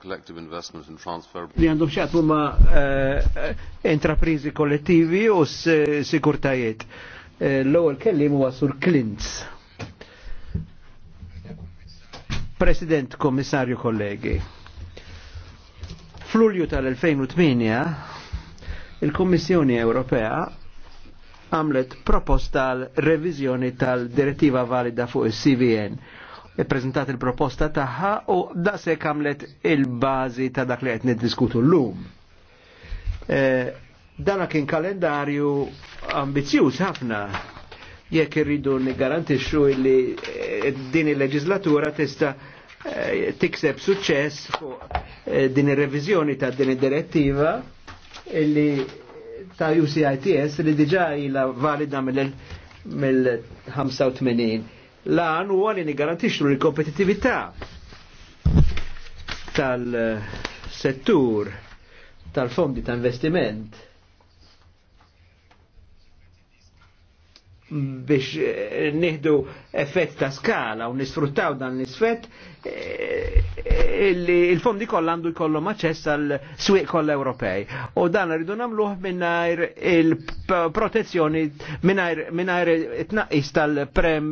collective investment and transfer. Li għandhom xaqtmu ma' eh, eh, intraprizi kollettivi u eh, sikurtajiet. L-ewwel kellim huwa sur Klintz. President, Kommissarju, kollegi. F'Lulju tal-2008 il-Kommissjoni Ewropea għamlet proposta tal-revizjoni tal-direttiva valida fuq il-CVN prezentat il-proposta taħħa u da se kamlet il-bazi ta' dak li qed niddiskutu l-lum. dana kien kalendarju ambizjuż ħafna jekk irridu nigarantixxu li din il-leġislatura tista' tikseb suċċess fuq din ir-reviżjoni ta' din id-direttiva illi ta' UCITS li diġà ila valida mill-85 L-għan u għalli nigarantixlu l-kompetitività tal-settur tal-fondi ta' investiment biex eh, nieħdu effett ta' skala u nisfruttaw dan l-isfett eh, eh, il-fondi kollha għandu jkollhom aċċess għal swieq kollha Ewropej. U dan rridu nagħmluh mingħajr il-protezzjoni mingħajr it-tnaqqis tal-prem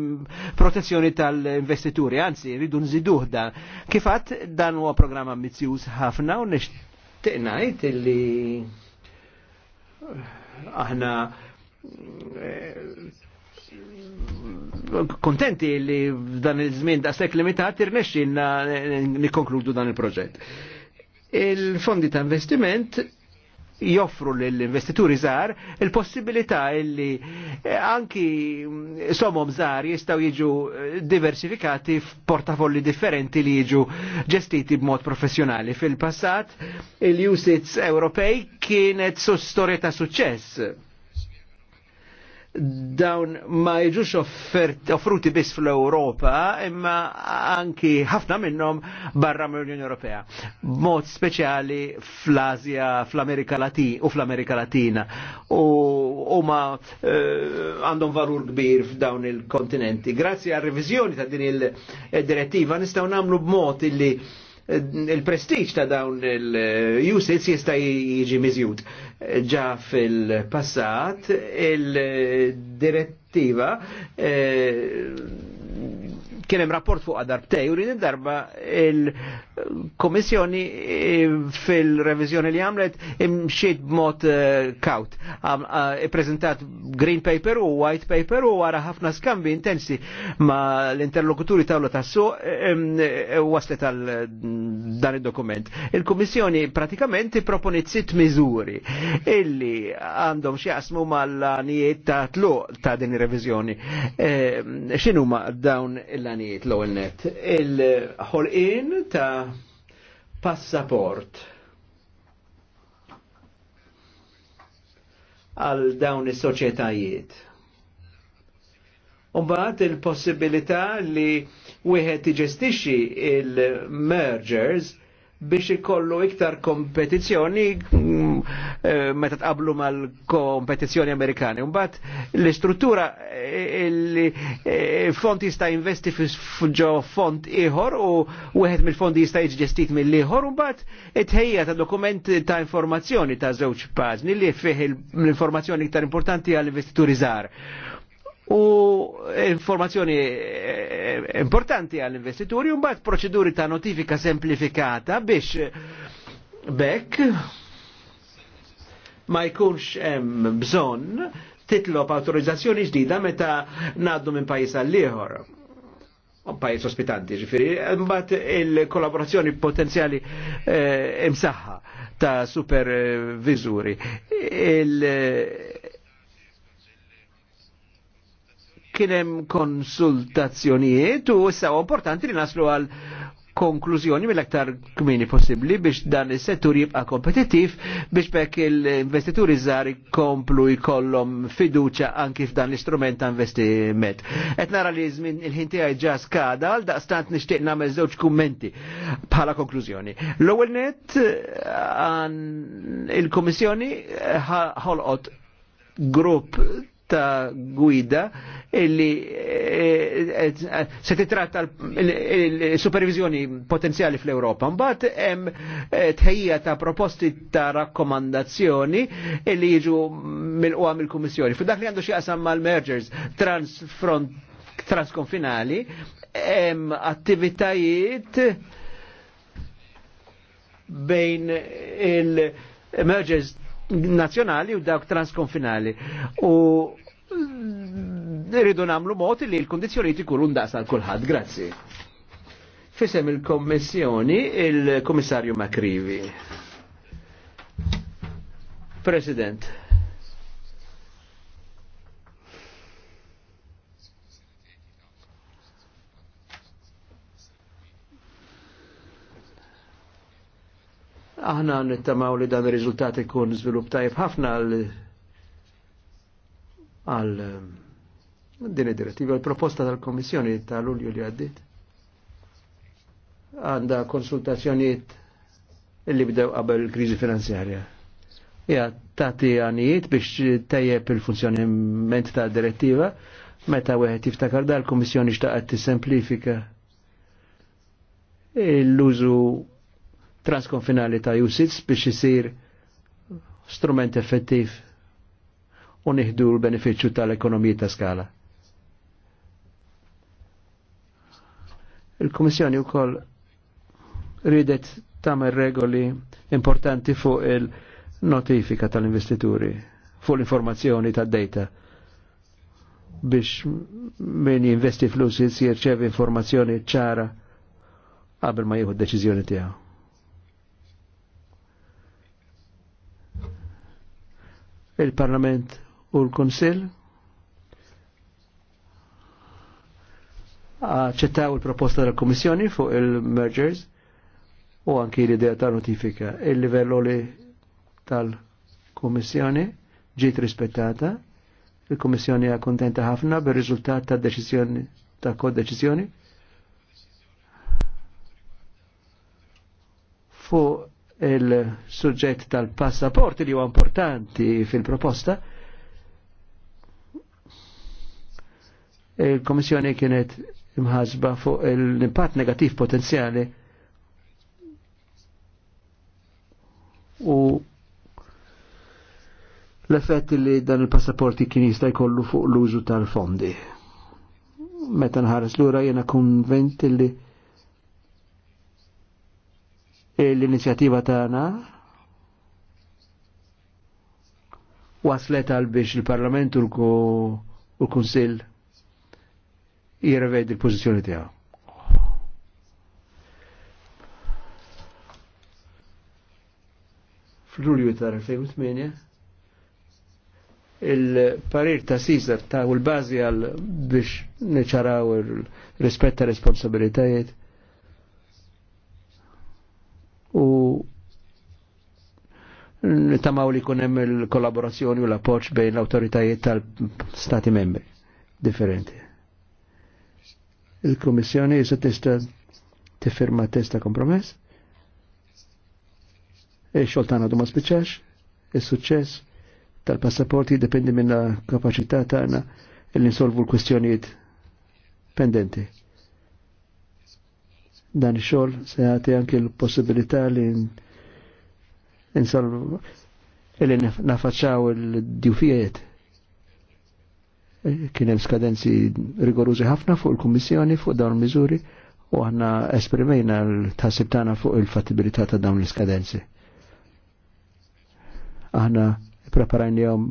protezzjoni tal-investituri, anzi rridu nżiduh dan. Kifat dan huwa programm ambizzjuż ħafna u nixtieq ngħid illi aħna kontenti li dan il-żmien da' sek limitat irnexxi nikkonkludu dan il-proġett. Il-fondi ta' investiment joffru l-investituri żgħar il-possibilità li eh, anki mm, somhom żgħar jistgħu jiġu eh, diversifikati f'portafolli differenti li jiġu ġestiti b'mod professjonali. Fil-passat, il-usits Ewropej kienet su storja ta' suċċess dawn ma jiġux offruti biss fl-Europa, imma anki ħafna minnhom barra mill-Unjoni Ewropea. Mod speċjali fl azja fl-Amerika Latina u fl-Amerika Latina. U huma eh, għandhom valur kbir f'dawn il-kontinenti. Grazzi għal reviżjoni ta' din il-direttiva nistgħu nagħmlu b'mod illi il-prestiġ ta' dawn il-usage jista' jiġi miżjud. Ġa fil-passat il-direttiva eh, kien hemm rapport fuq darbtej u li darba il-Komissjoni eh, fil-reviżjoni li għamlet imxiet b'mod eh, kaut. Eh, ippreżentat green paper u white paper u wara ħafna skambi intensi ma l-interlokuturi tawlu tassu waslet għal mm, dan id-dokument. Il-Komissjoni pratikament proponit sitt miżuri illi għandhom xi jasmu mal-għanijiet ta' tluq ta' din ir-reviżjoni. X'inhuma dawn il għanijiet l net. Il-ħolqin ta' passaport għal dawn is-soċjetajiet. Umbat il-possibilità li wieħed iġestixxi il-mergers il mergers biex ikollu iktar kompetizjoni mm, eh, meta tqablu mal-kompetizjoni Amerikani. Mbagħad l-istruttura eh, il eh, fond jista' investi ġo font ieħor u wieħed mill-fondi jista' jiġġestit mill-ieħor u mbagħad itħejja ta' dokument ta' informazzjoni ta' żewġ paġni li fih l-informazzjoni iktar importanti għall-investituri żgħar u informazzjoni eh, importanti għall-investituri un bat proċeduri ta' notifika semplifikata biex eh, bekk ma jkunx hemm bżonn titlob autorizzazzjoni ġdida meta ngħaddu minn pajjiż għal ieħor pajis ospitanti, ġifiri, mbatt il-kollaborazzjoni potenzjali eh, imsaħħa ta' supervizuri. kienem konsultazzjonijiet u issa importanti li naslu għal konklużjoni mill-aktar kmini possibli biex dan is-settur jibqa' kompetittiv biex bekk il-investituri żgħar komplu jkollhom fiduċja anki f'dan l-istrument ta' investiment. Qed nara li żmien il-ħin tiegħi ġa skada għal daqstant nixtieq nagħmel żewġ kummenti bħala konklużjoni. L-ewwel net il-Kummissjoni ħolqot grupp ta' gwida illi eh, eh, eh, se titratta l-supervizjoni potenzjali fl-Europa. Mbagħad hemm tħejja ta' proposti ta' rakkomandazzjoni illi jiġu mill-qwa mill-Kummissjoni. F'dak li għandu xi qasam mal-mergers transfront transkonfinali hemm attivitajiet bejn il-mergers nazjonali u dawk transkonfinali. U nirridu namlu mod li l-kondizjoni tikunu ndaqsa l-kulħadd. Grazzi. Fisem il-kommissjoni il-komissarju Makrivi. President. Aħna nittamaw li dan il riżultat ikun żvilupp tajjeb ħafna għal um, din id-direttiva, l-proposta tal-Komissjoni tal-Ulju li għaddit għanda konsultazzjonijiet illi bdew qabel il-kriżi finanzjarja. Ja, tati għanijiet biex tajjeb il-funzjoniment ta' direttiva, meta wieħed jiftakar da l-Komissjoni t tissemplifika l-użu transkonfinali ta' usage biex isir strument effettiv u nieħdu l-benefiċċju tal-ekonomija ta' skala. Il-Komissjoni wkoll ridet tagħmel regoli importanti fuq il-notifika tal-investituri, fuq l-informazzjoni tad-data biex min jinvesti flus jirċevi informazzjoni ċara qabel ma jieħu deċizjoni deċiżjoni tiegħu. Il-Parlament u l-Kunsill ċettaw il-proposta tal kommissjoni fuq il-mergers u anki l-idea ta' notifika. Il-livello li tal-kommissjoni ġiet rispettata, il-kommissjoni għa kontenta ħafna bil riżultat ta' deċizjoni ta' kod deċizjoni Fu il-sujġett tal-passaporti li huwa importanti fil-proposta. Il-Komissjoni kienet imħazba fuq l-impatt negativ potenzjali u l-effett li dan il-passaporti kien jista' jkollu fuq l-użu tal-fondi. Meta nħares lura jena konvent li l-inizjattiva tagħna waslet għal biex il-Parlament u l-Kunsill Jirved il pozizjoni tiegħu. Fl-Lulju tar-2008 il-parir ta' Caesar ta' u l-bazi għal biex neċaraw il-rispetta responsabilitajiet u tamaw li kunem il-kollaborazzjoni u l-appoċ bejn l-autoritajiet tal-stati membri differenti. Il-Komissjoni jisa tista tifirma testa kompromess. E xoltana għadu ma spiċax, il-suċess tal-passaporti dependi minna kapacità tagħna li nsolvu l-kwestjonijiet pendenti. Dan xol se jagħti anke l-possibilità li insolvu illi nafaċċaw il-djufijiet kien hemm skadenzi rigorużi ħafna fuq il-Kummissjoni fuq dawn miżuri u aħna esprimejna l-tħassib tagħna fuq il-fattibilità ta' dawn l-iskadenzi. Aħna preparajnihom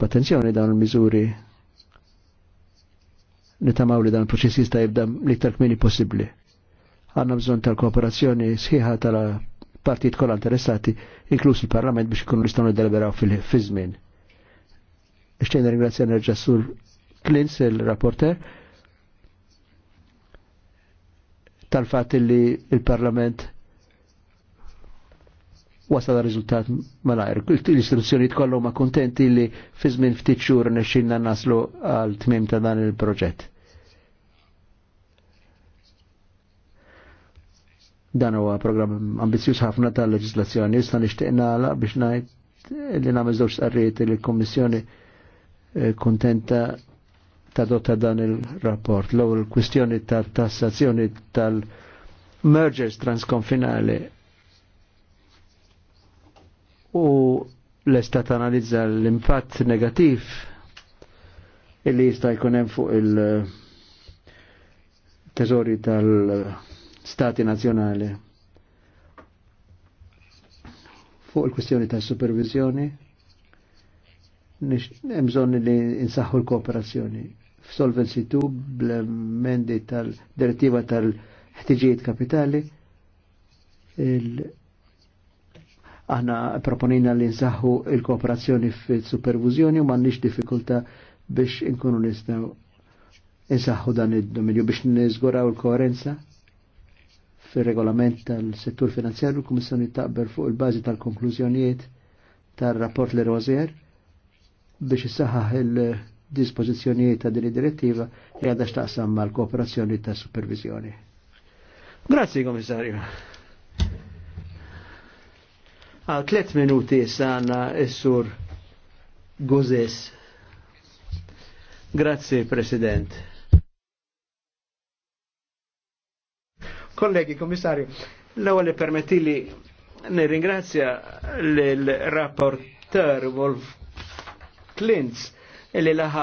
b'attenzjoni dawn il-miżuri nitamaw li dan il-proċess jista' jibda l-iktar kmini possibbli. Għanna bżonn tal-kooperazzjoni sħiħa tal-partijiet kollha interessati, inkluż il-Parlament biex ikunu nistgħu deliberaw fil-żmien. Ixtejn ringrazzja nerġa' sur Klins il-rapporter tal-fatt li il-Parlament wasal riżultat malajr. L-istituzzjonijiet kollu ma kontenti li fi żmien ftit xhur nexxinna naslu għal tmiem ta' dan il-proġett. Dan huwa programm ambizzjuż ħafna tal-leġislazzjoni, jista' nixtieq nagħlaq biex ngħid li nagħmel żewġ qarriet il kummissjoni Eh, kontenta ta' dotta dan il-rapport. L-ewwel kwistjoni ta' tassazzjoni tal-mergers transkonfinali u l-estat analizza l-impatt negativ illi jista' jkun hemm fuq il-teżori tal-stati nazjonali fuq il-kwistjoni tal supervizjoni bżonn li insaħħu l-kooperazzjoni. F'Solvency tu bl emendi tal-direttiva tal-ħtiġijiet kapitali aħna proponina li nsaħħu l kooperazzjoni fil-supervizjoni u m'għandniex diffikulta biex inkunu nistgħu insaħħu dan id-dominju biex niżguraw il-koerenza fil-regolament tal-settur finanzjarju l-Kummissjoni taqber fuq il-bażi tal-konklużjonijiet tar-rapport l-Rozier biex saħħaħ il dispozizjoni ta' din id-direttiva li għadha x'taqsam mal-kooperazzjoni ta' supervizjoni. Grazzi, Komissarju. Għal tlet minuti s-sanna s-sur Gozes. Grazzi, President. Kollegi, Komissarju, l li permettili ringrazzja l-rapport Wolf Klintz li laħa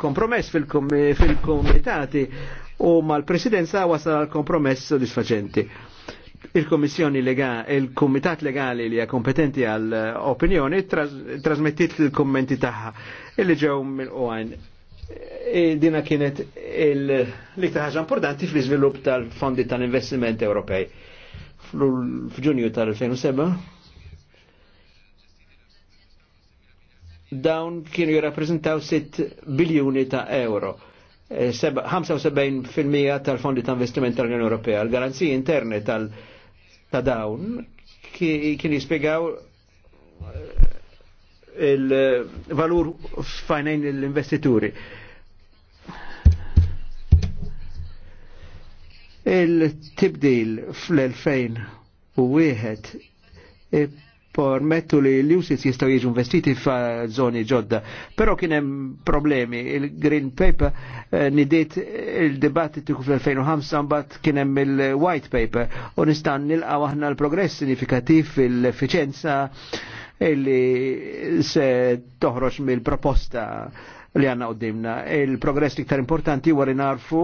kompromess fil-komitati u mal-presidenza wasal għal kompromess soddisfaċenti. Il-Komissjoni legali, il-Komitat legali li hija kompetenti għal eh, opinjoni trasmettit il-kommenti taħħa. illi ġew mill-ON. E dina kienet l-iktar ħaġa importanti fl-iżvilupp tal-fondi tal-investimenti Ewropej fl-ġunju tal-2007 dawn kienu jirrappreżentaw 6 biljuni ta' euro. 75% e, tal-fondi ta' investiment tal-Unjoni Ewropea. L-garanziji Interna tal ta' dawn kien jispiegaw eh, il-valur fajnejn l-investituri. Il-tibdil fl-2001 permettu li l-usis jistaw jieġu investiti fa' zoni ġodda. Pero kienem problemi, il-Green Paper eh, nidiet il-dibattitu fl-2005 bat kienem il-White Paper u nistan nil nilqaw aħna l-progress sinifikativ fil-efficienza illi se toħroġ mill-proposta li għanna għoddimna. Il-progress ktar importanti għar narfu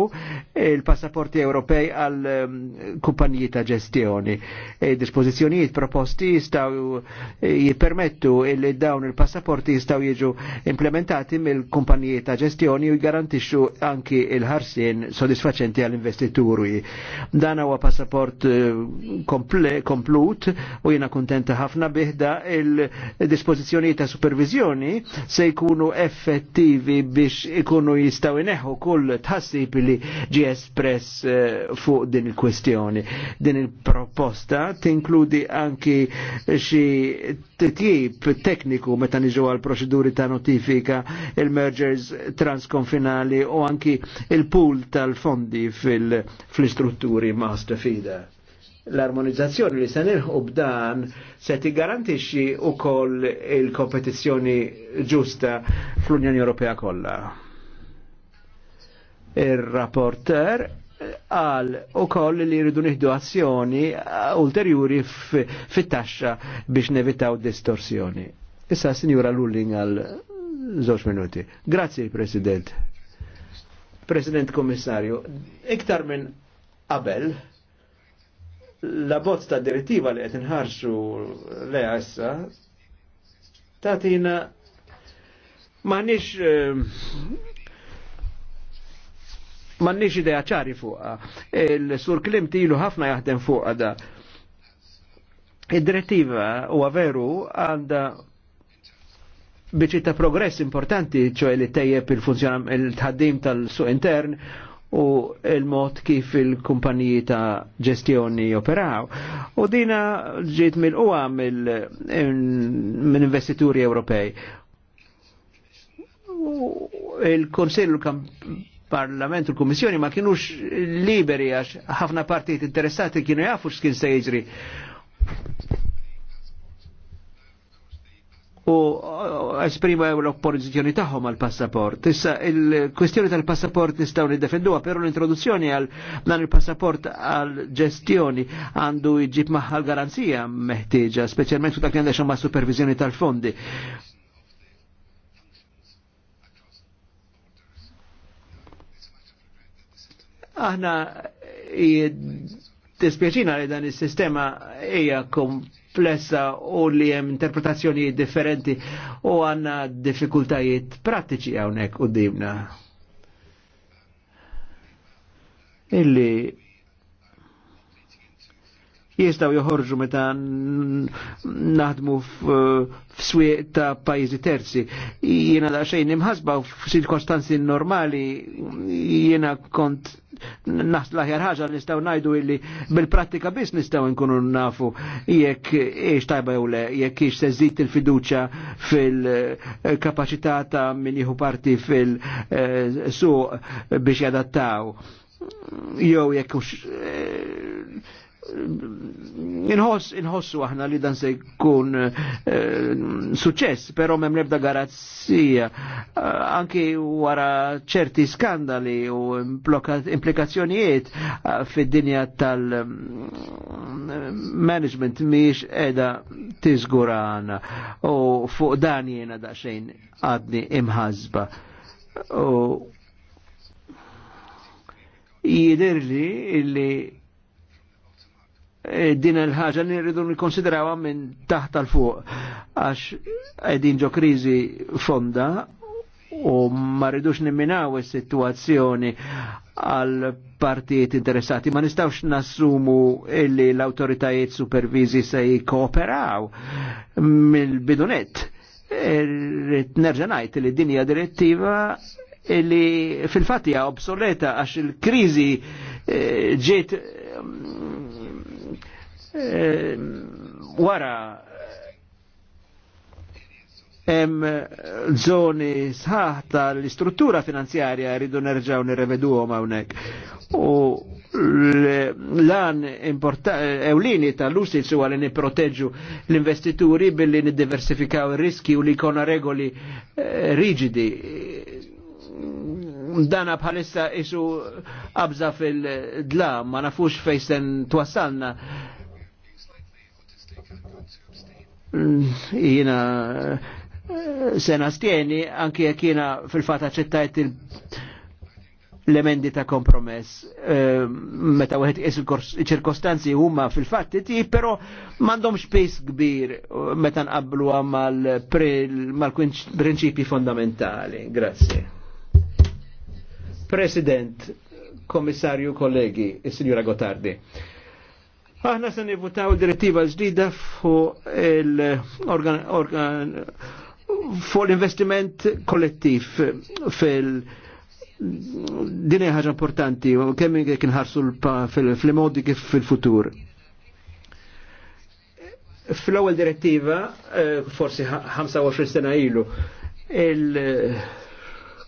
il-passaporti Ewropej għal ehm, kumpaniji ta' ġestjoni. E Dispozizjonijiet proposti jistaw e, jipermettu il dawn il-passaporti jistaw jiġu implementati mill-kumpaniji ta' ġestjoni u jgarantixxu anki il-ħarsin sodisfaċenti għall-investituri. Dan huwa passaport e, komplut u jiena kontenta ħafna biħda il-dispozizjonijiet ta' supervizjoni se jkunu effettivi motivi biex ikunu jistaw ineħu kull tħassib li ġi espress eh, fuq din il-kwestjoni. Din il-proposta tinkludi anki xi titjib tekniku meta niġu għal proċeduri ta' notifika il-mergers transkonfinali u anki il-pool tal-fondi fil-istrutturi master feeder. L-armonizzazzjoni li se nilħu b'dan se u wkoll il-kompetizzjoni ġusta fl-Unjoni Ewropea kollha. Ir-rapporter għal u koll li jridu nieħdu azzjoni ulterjuri fit-taxxa biex nevitaw distorsjoni. Issa sinjura Lulling għal żewġ minuti. Grazzi, President. President Komissarju, iktar minn qabel la bozz ta' direttiva li qed inħarxu leha issa tagħtina m'għandniex eh, m'għandniex idea ċari fuqha. Il-sur Klim tilu ħafna jaħdem fuq. da. Id-direttiva huwa veru għandha biċi ta' progress importanti, ċoħe li tejjeb il-tħaddim tal-suq intern u il-mod kif il-kumpaniji ta' ġestjoni operaw. U dina ġiet mill uwa mill-investituri Ewropej. Il-Konsil parlament u l-Kommissjoni ma kienux liberi għax ħafna partijiet interessati kienu jafu x'kien se jiġri. u esprima l-oppożizzjoni tagħhom għal passaport. Issa il-kwestjoni tal-passaport nistgħu niddefenduha, però l-introduzzjoni għal dan il-passaport għal ġestjoni għandu jġib maħħal garanzija meħtieġa, speċjalment dak li għandha ma' supervizjoni tal-fondi. Aħna tispjaċina li dan is-sistema hija kom komplessa u li hemm interpretazzjoni differenti u għanna diffikultajiet pratiċi hawnhekk u dimna. Illi jistaw joħorġu meta naħdmu f'swieq ta' pajjiżi terzi. Jiena da' xejn imħasba f'sirkostanzi normali jiena kont naħs l-aħjar ħaġa nistaw najdu illi bil-prattika biss nistaw nkunu nafu jekk ix tajba jew le, jekk ix seżit il-fiduċa fil-kapacità ta' min parti fil-suq biex jadattaw Jow jekk eh, inħoss inħossu aħna li dan se jkun eh, suċess, però m'hemm lebda garanzija eh, anki wara ċerti skandali u implikazzjonijiet eh, fid-dinja tal-management mm, miex edha tizgurana u fuq dan jiena xejn għadni imħazba. U jidirli illi Eh, din il-ħaġa li rridu nikonsidrawha minn taħt tal fuq għax qegħdin ġo kriżi fonda u ma rridux nimminaw is-sitwazzjoni għal partijiet interessati. Ma nistawx nassumu illi l-autoritajiet supervizi se jikkooperaw mill-bidunet. Nerġa' ngħid li dinja direttiva illi fil-fatt hija obsoleta għax il-kriżi eh, ġiet Ehm, wara hemm żoni sħaħ tal-istruttura finanzjarja rridu nerġgħu nirreveduhom hawnhekk. U l lan ewlini tal-usic huwa għalini proteġu l-investituri billi n-diversifikaw riski u li kona regoli eh, rigidi. Dana bħalissa isu abza fil-dla, ma nafux fejsen twassalna jina eh, sena stieni anki jek jina fil-fat aċċettajt l-emendi ta' kompromess eh, meta wieħed is il-ċirkostanzi huma fil-fatt ti però m'għandhom space kbir meta nqablu mal prinċipi fondamentali. Grazie. President, Komissarju, kollegi, signora Gotardi. Aħna se nivutaw direttiva ġdida fuq l-investiment kollettiv fil- dinja ħaġa importanti, u kemm kien ħarsu fil-modi kif fil-futur. Fl-ewwel direttiva, eh, forsi 25 sena ilu, il-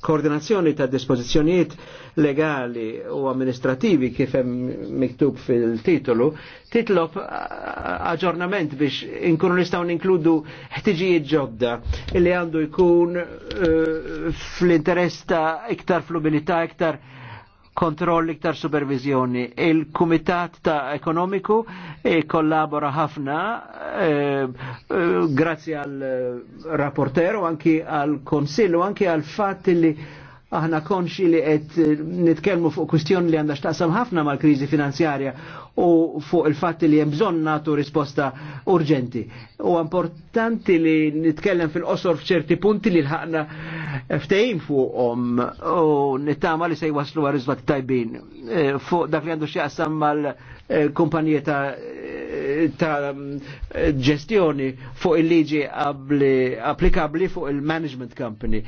koordinazzjoni ta' dispozizjonijiet legali u amministrativi kif hemm miktub fil-titolu titlob aġġornament biex inkunu nistgħu ninkludu ħtiġijiet ġodda li għandu jkun uh, fl-interess ta' iktar flubilità, iktar kontroll iktar supervizjoni. Il-Kumitat ta' Ekonomiku e, kollabora ħafna eh, grazzi għal e, rapporteru, anki għal konsillu, anki għal fatt li aħna konxi li għed nitkelmu fuq kustjoni li għandax taqsam ħafna mal krizi finanzjarja u fuq il-fatt li hemm bżonn nagħtu risposta urġenti. U importanti li nitkellem fil-qosor f'ċerti punti li l-ħaqna ftehim fuqhom u nittama li se jwaslu għal tajbin e, fuq dak li għandu xi mal-kumpanija ta' ġestjoni fuq il-liġi applikabli fuq il-management company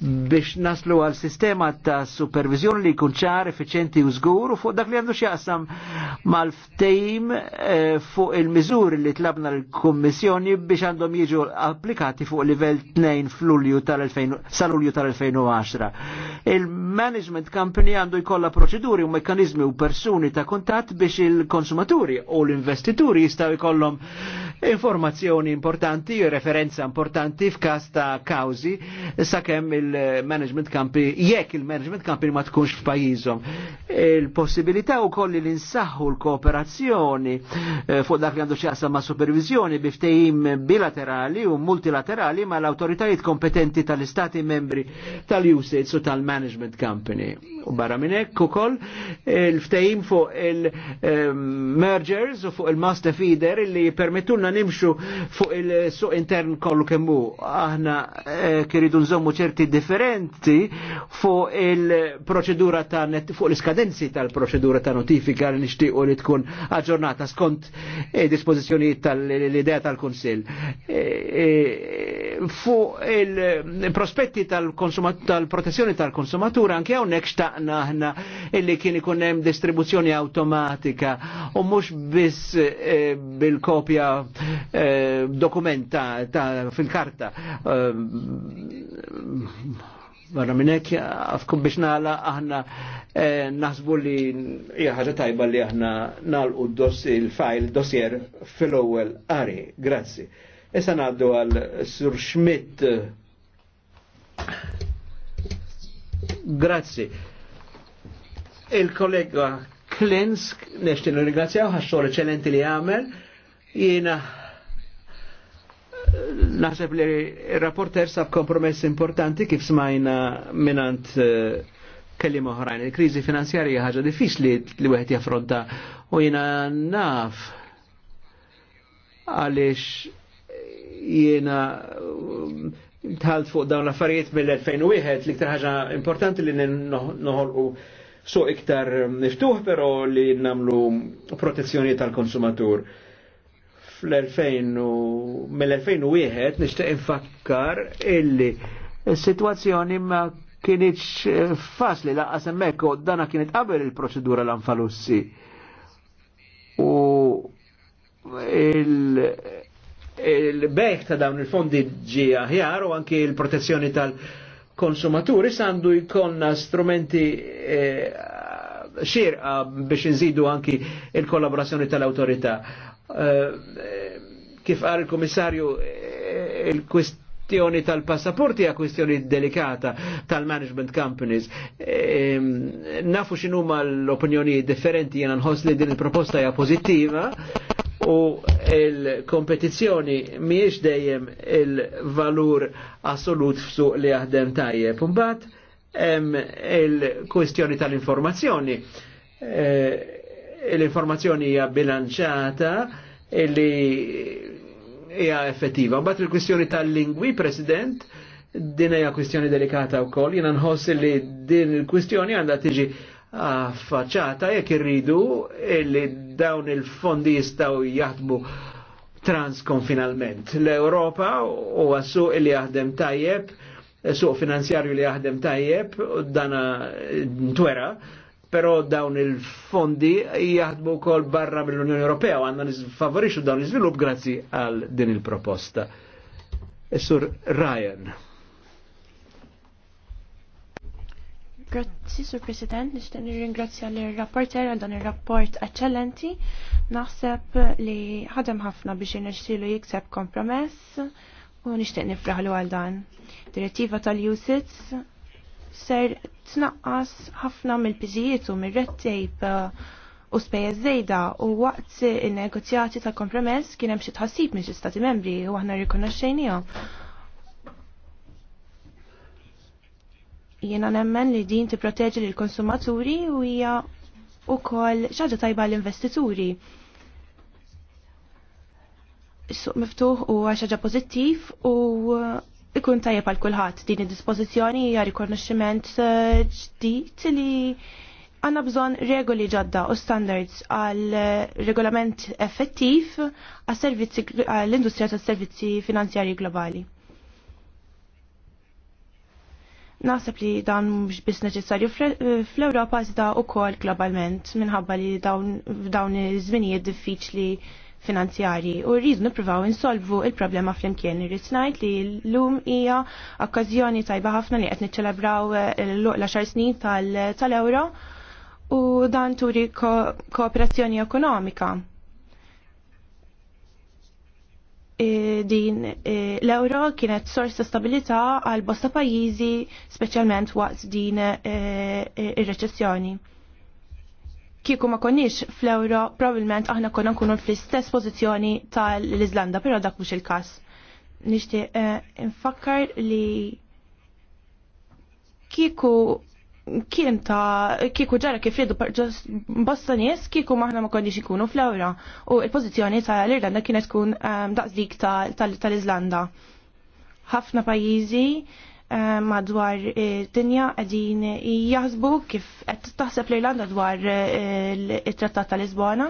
biex naslu għal sistema ta' supervizjoni li jkun ċar, effiċenti u żgur u fuq dak li għandu xjaqsam mal-ftejm eh, fuq il-miżuri li tlabna l-Kommissjoni biex għandhom jiġu applikati fuq livell 2 fl-Ulju sal-Ulju tal-2010. Il-management company għandu jkollha proċeduri u mekanizmi u persuni ta' kontat biex il-konsumaturi u l-investituri jistaw jkollhom informazzjoni importanti, referenza importanti f'kas ta' kawzi sakemm il-management kampi, jekk il-management kampi ma tkunx f'pajjiżhom. Il-possibilità wkoll li nsaħħu l-kooperazzjoni eh, fuq dak li għandu xaqsam ma' supervizjoni biftejim bilaterali u multilaterali ma' l-autoritajiet kompetenti tal-istati membri tal-usage u tal-management company. U barra minnek u koll il-ftejim fuq il-mergers eh, u fuq il-master feeder li permettuna nimxu fuq il-suq intern kollu kemmu. Aħna eh, kiridu nżommu ċerti differenti fuq il-proċedura ta' fuq l-iskadenzi tal-proċedura ta' notifika li nixtiequ li tkun aġġornata skont eh, tal-idea tal-Kunsill. Eh, eh, fuq il-prospetti tal-protezzjoni tal tal-konsumatura anke hawnhekk xtaqna aħna illi kien ikun hemm distribuzzjoni automatika u mhux biss bil-kopja Eh, dokument ta', ta fil-karta. Eh, barra minnek, għafkum biex nala, aħna eh, naħsbu li jħagħa tajba li aħna nalqu il-fajl dossier fil-ewwel qari. Grazzi. Issa ngħaddu għal Sur Schmidt. Grazzi. Il-kollega Klinsk, nextin ringrazzjaw għax xogħol eċellenti li għamel jina naħseb li rapporter sab kompromess importanti kif smajna minant eh, kellim oħrajn. Il-krizi finanzjarja ħaġa diffiċli li wieħed jaffronta u jina naf għalix jena eh, tħalt fuq dawn l-affarijiet mill-2001 li ktar ħaġa importanti li noħolqu suq iktar niftuħ, eh, pero li namlu protezzjoni tal-konsumatur fl-2000 mill-2001 nixtieq infakkar illi is sitwazzjoni ma kienieċ eh, faċli laqqas hemmhekk u dana kienet qabel il-proċedura l-anfalussi. U il-bejk ta' dawn il-fondi ġi aħjar u anki il-protezzjoni tal-konsumaturi sandu jkollna strumenti eh, xirqa biex nżidu anki il-kollaborazzjoni tal-autorità. Eh, kif għar il-komissarju eh, il kwestjoni tal-passaporti hija kwestjoni delikata tal-management companies. Nafu ehm, nafu x'inhuma l-opinjoni differenti jiena nħoss li din il-proposta hija pozittiva u il-kompetizzjoni miex dejjem il-valur assolut f'suq li jaħdem tajjeb. p'umbat, hemm il kwestjoni tal-informazzjoni. Eh, l-informazzjoni hija bilanċata illi hija effettiva. Mbagħad il-kwistjoni tal-lingwi, President, din hija kwistjoni delikata wkoll, jiena nħoss li din il-kwistjoni għandha tiġi affaċċata jekk irridu li dawn il-fondi jistgħu jaħdmu transkonfinalment. L-Europa u għassu illi jaħdem tajjeb suq finanzjarju li jaħdem tajjeb, dana twera, però dawn il-fondi jaħdmu kol barra mill-Unjoni Ewropea u għandna nisfavorixu dawn iżvilup grazzi għal din il-proposta. E sur Ryan. Grazzi, Sur President, nishtan ringrazzja l-rapporter għal dan il-rapport eccellenti. Naħseb li ħadem ħafna biex nirxilu jikseb kompromess u nishtiq nifraħlu għal dan. Direttiva tal-USITS ser tnaqqas ħafna mill-piżijiet u mir-red tape uh, u spejjeż żejda u waqt in-negozjati ta' kompromess kien hemm xi tħassib minn xi stati membri u aħna rikonoxxejnija. Jiena nemmen li din tipproteġi lill konsumaturi u hija wkoll xi ħaġa tajba l-investituri suq miftuħ u ħaġa pożittiv u ikun tajjeb għal kulħadd din id-dispożizzjoni hija rikonoxximent eh, ġdid li għanna bżon regoli ġodda u standards għal eh, regolament effettiv għall-industrija tas servizzi finanzjarji globali. Naħseb li dan mhux biss neċessarju eh, fl-Ewropa iżda wkoll globalment minħabba li dawn iż-żminijiet diffiċli finanzjari u rridu nippruvaw insolvu il-problema flimkien. Irrid ngħid li llum hija okkażjoni tajba ħafna li qed niċċelebraw eh, l-10 snin tal-euro u dan turi kooperazzjoni ekonomika. E, din e, l-euro kienet sors ta' stabilità għal bosta pajjiżi speċjalment waqt din e, ir-reċessjoni kieku ma konniex fl-euro, probabbilment aħna konna nkunu fl-istess pożizzjoni tal-Iżlanda, però dak mhux il-każ. Nixtieq eh, infakkar li kieku kien ta' kieku ġara kif ridu bosta nies kieku maħna ma konniex ikunu fl-ewra u il-pozizjoni ta' l-Irlanda kienet tkun um, daqsdik tal-Izlanda. Ta, ta, ta Ħafna pajjiżi Eh, madwar id-dinja eh, qegħdin jaħsbu kif qed taħseb l-Irlanda dwar eh, it-Trattat tal-Lisbona.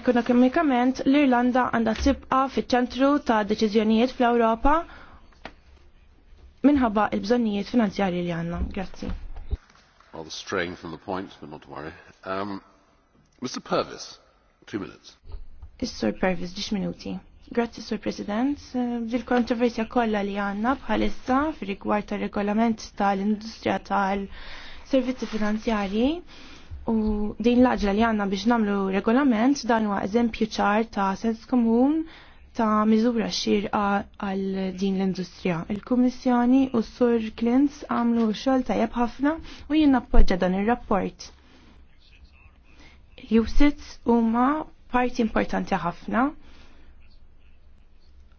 Ekonomikament l-Irlanda għandha tibqa' fiċ-ċentru ta' deċiżjonijiet fl-Ewropa minħabba il-bżonnijiet finanzjarji li għandna. Grazzi. Well, straying from the point, but not to worry. Um, Mr. Purvis, two minutes. Mr. Purvis, 10 minuti. Grazzi, Sur President. Dil-kontroversja kollha li għanna bħalissa fir-rigward tar-regolament tal-industrija tal-servizzi finanzjarji u din l-aġla li għanna biex namlu regolament dan huwa eżempju ċar ta' sens komun ta' miżura xirqa għal din l-industrija. Il-Kummissjoni u Sur Klintz għamlu xogħol tajjeb ħafna u jien appoġġa dan ir-rapport. Jusits huma parti importanti ħafna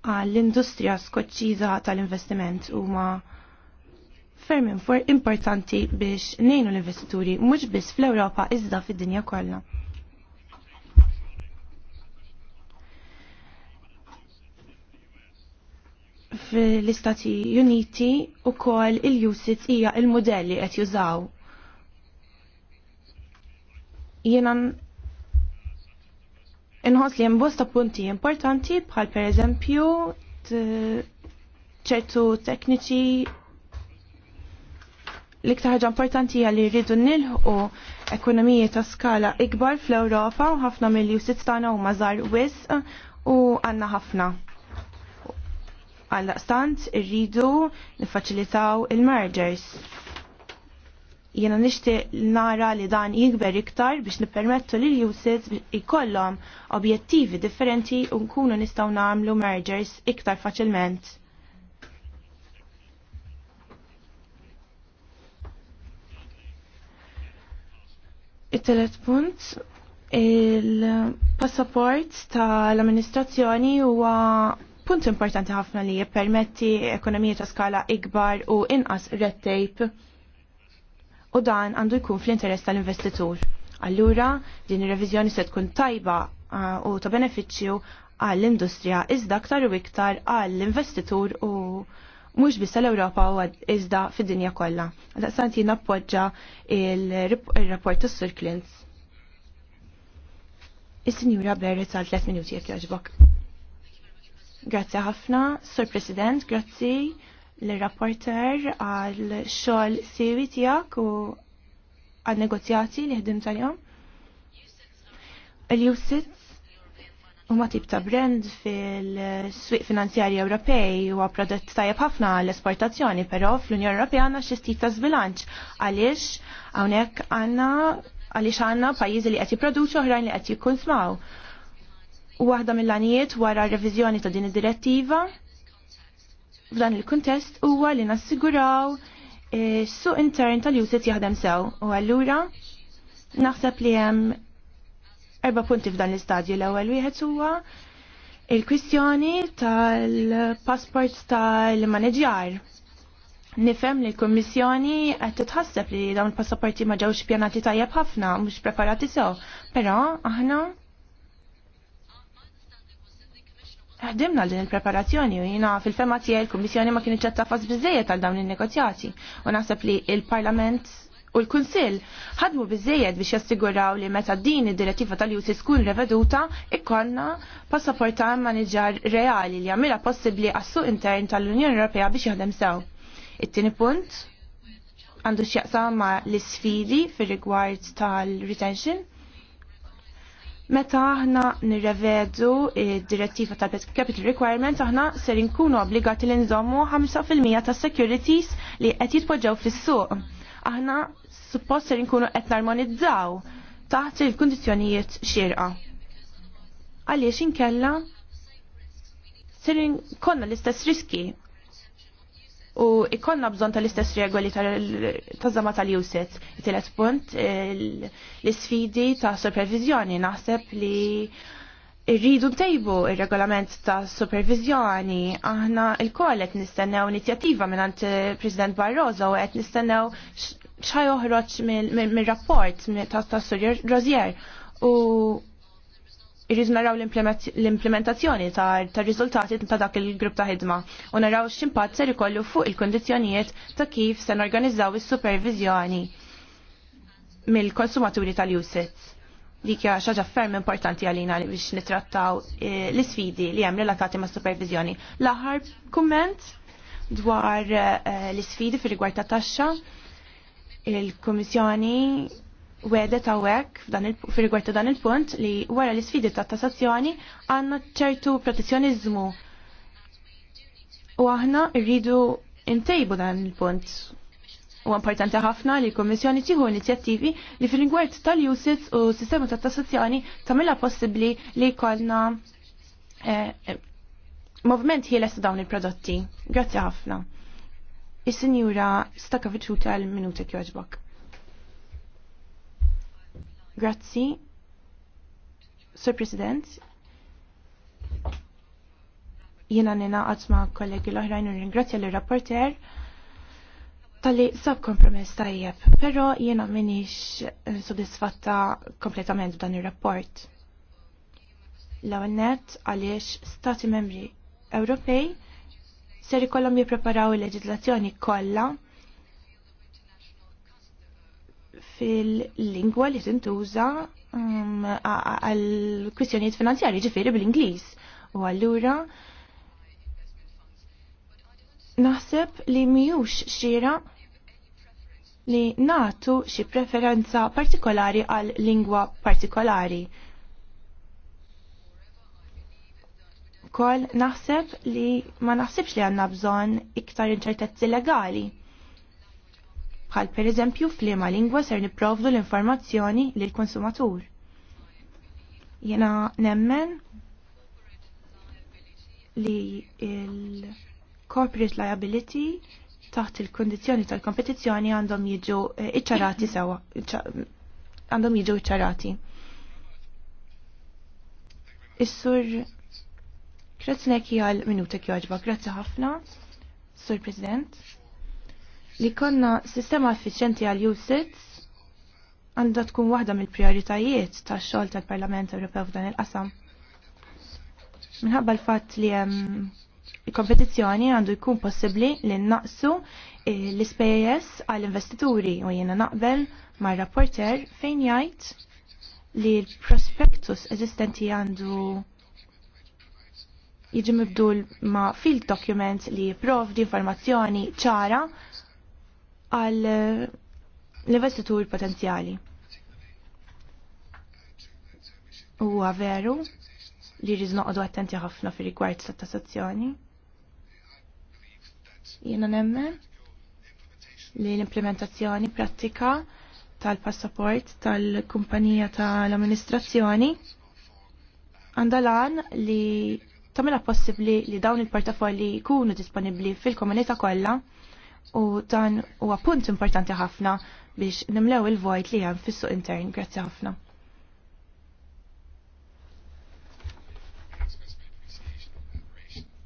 għall-industrija skoċċiża tal-investiment huma ferm importanti biex nejnu l-investituri mhux biss fl-Ewropa iżda fid-dinja kollha. fl-Istati Uniti u kol il jusit hija il-modelli qed jużaw. Jena inħoss li jimbosta punti importanti bħal per eżempju ċertu tekniċi l-iktar ħaġa importanti għalli rridu nilħu ekonomiji ta' skala ikbar fl-Ewropa u ħafna mill-jusit tagħna huma żgħar wisq u għandna ħafna. Għalla stant irridu nifaċilitaw il-mergers. Jena nishti nara li dan jikber iktar biex nipermettu li l-users ikollhom objettivi differenti u nkunu nistaw namlu mergers iktar faċilment. It-telet punt il-passaport tal-amministrazzjoni huwa punt importanti ħafna li jippermetti ekonomija ta' skala ikbar u inqas red tape u dan għandu jkun fl-interess tal-investitur. Allura, din ir-reviżjoni se tkun tajba uh, u ta' benefiċċju għall-industrija iżda aktar u iktar għall-investitur u mhux biss l-Ewropa u iżda fid-dinja kollha. Daqsant jien appoġġa il-rapport tas-Sur Clint. Is-Sinjura Berri tal 3 minuti jekk jogħġbok. Grazzi ħafna, Sur President, grazzi l-rapporter għal xogħol siri tiegħek u għal negozjati li ħdim tal-jom. Il-Usit huma tip ta' brand fil-swieq finanzjarji Ewropej huwa prodott tajjeb ħafna għall esportazzjoni però fl-Unjoni Ewropea għandna xi ta' żbilanċ għaliex hawnhekk għandna għaliex għandna pajjiżi li qed jipproduċu oħrajn li qed jikkonsmaw. U waħda mill-għanijiet wara r-reviżjoni ta' din id-direttiva f'dan il-kuntest huwa li nassiguraw eh, suq intern tal-jusit jaħdem sew u allura naħseb li hemm erba' punti f'dan l-istadju l-ewwel wieħed huwa il-kwistjoni tal-passport tal manager Nifhem li l-Kummissjoni qed titħasseb li dawn il-passaporti ma ġewx pjanati tajjeb ħafna mhux preparati sew, però aħna Ħdimna din il-preparazzjoni u jina fil-fema tiegħi l-Kummissjoni ma kienu ċetta fas biżejjed għal dawn in-negozjati u naħseb li il-Parlament u l-Kunsill ħadmu biżejjed biex jassiguraw li meta din id-direttiva tal-jusi tkun reveduta ikkonna passaporta maniġar reali li jagħmilha possibbli għas-suq intern tal-Unjoni Ewropea biex jaħdem sew. It-tieni punt għandu x'jaqsam ma' l-isfidi fir-rigward tal-retention Meta aħna nirrevedu id-direttiva tal capital requirements, aħna ser inkunu obbligati li nżommu 5% ta' securities li qed jitpoġġew fis-suq. Aħna suppost ser inkunu qed narmonizzaw taħt il-kundizzjonijiet xirqa. Għaliex inkella ser konna l-istess riski u ikonna bżon tal-istess regoli tal-żama tal-jusit. Tilet punt, l-sfidi ta' supervizjoni. Naħseb li rridu ntejbu il-regolament ta' supervizjoni. Aħna il-koll qed nistennew inizjattiva minn President Barroso u qed nistennew xaj oħroġ mill-rapport ta' Sur Rozier. U irridu naraw l-implementazzjoni ta' riżultati ta' dak il-grupp ta' ħidma u naraw x'impatt ser ikollu fuq il-kondizzjonijiet ta' kif se norganizzaw is-supervizjoni mill-konsumaturi tal-usits. Dik hija ħaġa ferm importanti għalina biex nitrattaw eh, l-isfidi li hemm relatati ma' supervizjoni. L-aħħar kumment dwar eh, l-isfidi fir rigward ta' taxxa il-Kummissjoni wedet għawek fil gwerta ta' dan il-punt li wara l sfidi ta' tassazzjoni għanna ċertu protezzjonizmu. U aħna rridu intejbu dan il-punt. U importanti ħafna li l-Kommissjoni tieħu inizjattivi li fil-rigward tal-usits u sistema ta' tassazzjoni tagħmilha possibbli li jkollna eh, movement ħieles dawn il-prodotti. Grazzi ħafna. Is-Sinjura Stakaviċuta l minuta kjoġbok. Grazzi. Sir President, jena nina għatma kollegi l-oħrajn u ringrazja l-rapporter tal-li sab kompromess tajjeb, pero jena minix eh, soddisfatta kompletament b'dan il-rapport. L-għannet għaliex stati membri Ewropej ser ikollhom jippreparaw il-leġislazzjoni kollha fil-lingwa li tintuża um, għal kwistjonijiet finanzjarji ġifieri bil ingliż U allura naħseb li mhijux xira li natu xi preferenza partikolari għal lingwa partikolari. Kol naħseb li ma naħsibx li għanna bżon iktar inċertezzi legali bħal per eżempju f'liema lingwa ser niprovdu l-informazzjoni l konsumatur. Jena nemmen li il-corporate liability taħt il-kondizjoni tal-kompetizzjoni għandhom jiġu eh, iċċarati sewa, għandhom jiġu iċċarati. Is-sur Kretznek jgħal minutek joġba, grazzi ħafna, sur President li konna sistema effiċjenti għal usits għandha tkun waħda mill-prioritajiet tax-xogħol tal-Parlament Ewropew f'dan il-qasam. Minħabba l-fatt li hemm il-kompetizzjoni għandu jkun possibbli li naqsu eh, l-ispejjeż għall investituri u jiena naqbel mar rapporter fejn jgħid li l-prospektus eżistenti għandu jiġi mibdul ma' field document li jipprovdi informazzjoni ċara għal eh, l-investitur potenzjali. Huwa veru li riżnoqdu attenti ħafna fir rigward ta' tassazzjoni. Jiena nemmen li l-implementazzjoni prattika tal-passaport tal-kumpanija tal-amministrazzjoni għandalan li tamela possibli li dawn il-portafolli jkunu disponibli fil-komunità kollha u dan huwa punt importanti ħafna biex nimlew il-vojt li hemm fis-suq intern. Grazzi ħafna.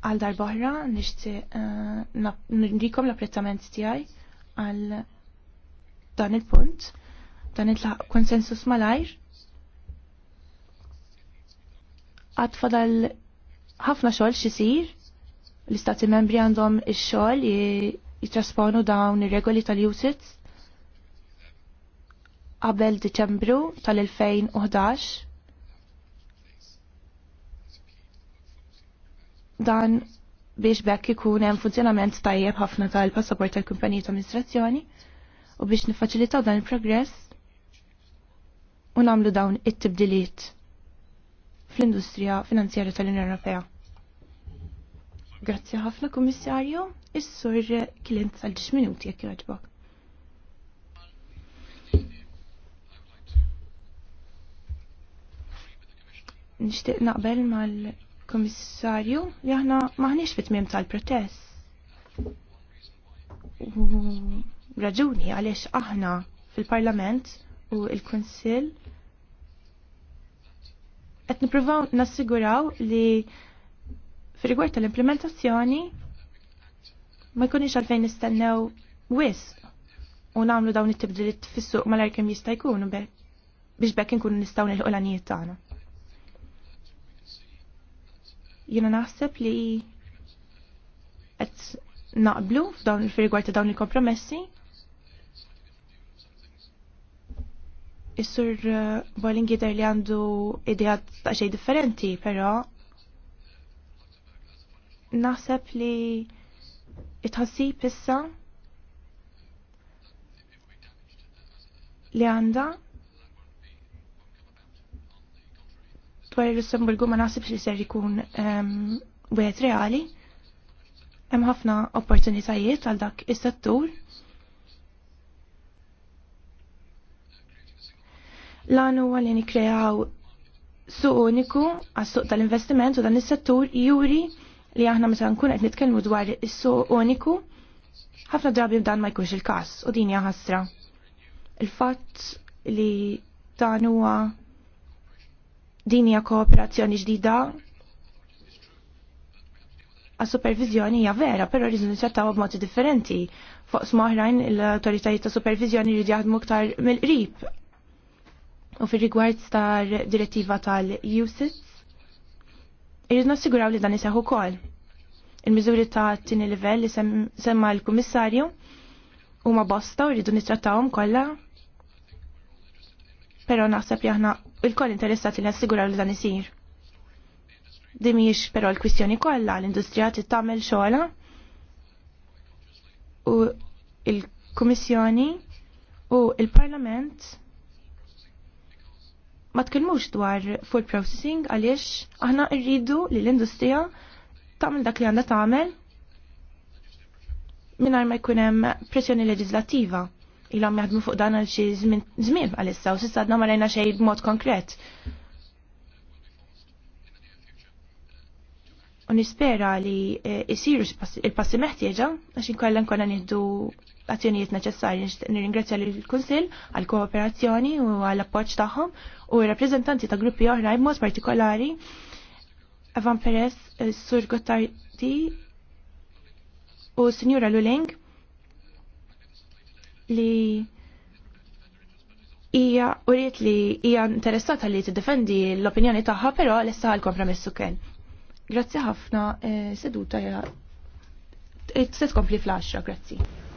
Għal darbohra nixti uh, eh, nrikom l-apprezzament tiegħi għal dan il-punt, dan il konsensus malajr. Għad fadal ħafna xogħol xisir, l-istati membri għandhom ix-xogħol jitrasponu dawn ir-regoli tal-USITS qabel Diċembru tal-2011. Dan biex bekk ikun hemm funzjonament tajjeb ħafna tal-passaport tal-kumpaniji ta' amministrazzjoni u biex nifaċilitaw dan il-progress u nagħmlu dawn it-tibdiliet fl-industrija finanzjarja tal-Unjoni Ewropea. Grazzi ħafna kummissarju, is-sur Klint għal minuti jekk jogħġbok. Nixtieq naqbel mal-kummissarju li aħna maħniex fit-tmiem tal-protest. Raġuni għaliex aħna fil-Parlament u l-Kunsill qed nippruvaw nassiguraw li Fir-rigward tal-implementazzjoni ma jkunix għalfejn nistennew wis u nagħmlu dawn it-tibdilit fis-suq malajr kemm jista' jkun biex bekk inkunu nistgħu nilħu l-għanijiet tagħna. Jiena naħseb li qed naqblu f'dawn il-firgwar ta' dawn il-kompromessi Is-sur eh, Bolling jidher li għandu ideat ta' xejn differenti, però naħseb li itħassi issa li għanda dwar il-Lussemburgu ma naħseb li ser ikun wieħed reali. Hemm ħafna opportunitajiet għal dak is-settur. l huwa li nikreaw suq uniku għas-suq tal-investiment u dan is-settur juri li aħna meta nkun qed nitkellmu dwar is-suq uniku, ħafna drabi dan ma jkunx il-każ u din hija ħasra. Il-fatt li dan huwa din hija kooperazzjoni ġdida għas supervizjoni hija vera, però rridu nittrattawha b'mod differenti. Fuq smaħrajn l-autoritajiet ta' supervizjoni rridu jaħdmu ktar mill-qrib. U fir rigward tal direttiva tal-USITS, Irrid nassiguraw li dan iseħħ ukoll. Il-miżuri ta' tieni livell li semma l-Kummissarju huma bosta u rridu nittrattawhom kollha. Però naħseb jahna il-koll interessati li nassiguraw li dan isir. Dimiex però l-kwistjoni kollha l-industrija trid tagħmel xola u il-Kummissjoni u il-Parlament ma tkellmux dwar food processing għaliex aħna rridu li l-industrija tagħmel dak li għandha tagħmel mingħajr ma jkun hemm pressjoni leġislattiva ilhom jaħdmu fuq dan għal xi żmien għalissa u s'issa għadna ma rejna xejn b'mod konkret. u nispera li jisiru eh, il-passi meħtieġa għax inkollan konna nieħdu azzjonijiet neċessarji. Nirringrazzja l-Kunsill għal kooperazzjoni u għal appoġġ taħħom u rappreżentanti ta' gruppi oħra b'mod partikolari Evan Perez, eh, Sur Gottardi u Sinjura Luling li hija u li hija interessata li tiddefendi l-opinjoni tagħha però l-issa għal kompromissu kien. Grazie ħafna, eh, seduta ja. Eh, se tkompli fl-10,